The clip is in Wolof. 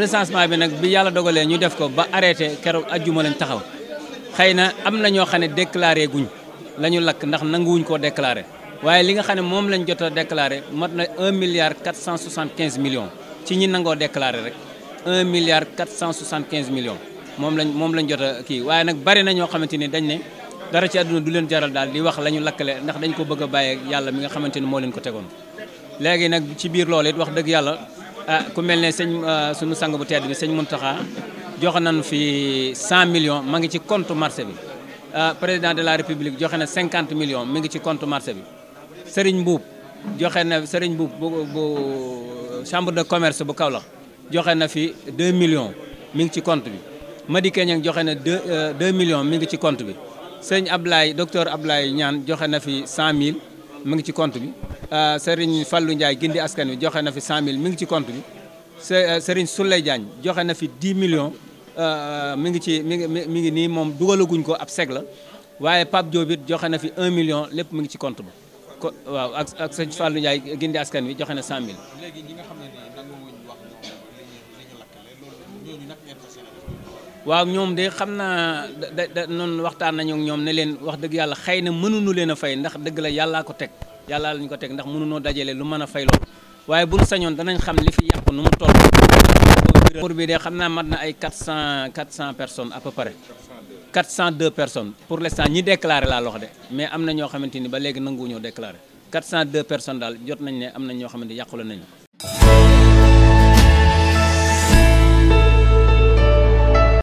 recensement bi nag bi yàlla dogalee ñu def ko ba arrêté keroog ajjuma lañ taxaw xëy na am na ñoo xam ne déclaré guñ la ñu lakk ndax nanguwuñ koo déclaré waaye li nga xam ne moom lañ jot a déclaré mat na 1 milliard 475 millions ci ñi nangoo déclaré rek 1 milliard 475 millions moom lañ moom lañ jot kii waaye nag bari na ñoo xamante ni dañ ne dara ci àdduna leen jaral daal di wax la ñu lakkale ndax dañ ko bëgg a bàyyee mi nga xamante ni moo leen ko tegoon léegi nag ci biir loolu wax dëgg yàlla ah ku mel ne sëñ ah, sunu sang bu tedd bi sëñ Mountakha joxe nañu fi 100 millions ma ngi ci compte marché bi ah, président de la république joxe na 50 million mi ngi ci compte marché bi Serigne Mbuub joxe na Serigne Mbuub bu bu chambre de commerce bu Kaolack joxe na fi 2 millions mi ngi ci compte bi Madické Niang joxe na 2 2 euh, millions mi ngi ci compte bi sëñ Ablaye docteur Ablaye ñaan joxe na fi 100000 mi ngi ci compte bi. Euh, Serigne Fallou Ndiaye gindi askan wi joxe na fi 100000 mi ngi ci compte bi euh, Serigne Souley joxe na fi 10 millions euh, mi ngi ci mi ngi mi ngi nii moom dugalaguñ ko ab segla la waaye Pape Diop joxe na fi un million lépp mu ngi ci compte ba waaw ak ak sëñ Fallou Ndiaye gindi askan wi joxe na 100000. léegi ñi nga xam ne waaw ñoom de xam naa da da noonu waxtaan nañu ñoom ne leen wax dëgg yàlla xëy na mënuñu leen a fay ndax dëgg la yàllaa ko teg yàllaa lañ ko teg ndax mënunoo dajale lu mën a fay loolu waaye buñ sañoon danañ xam li fi yàqu nu mu toll pour bii de xam naa mat na ay 400 400 personnes à peu cent deux personnes pour le l'instant ñi déclaré laa lox de mais am na ñoo xamante ni ba léegi nanguwuñoo déclaré 402 personnes daal jot nañ ne am na ñoo xamante yàqu la nañu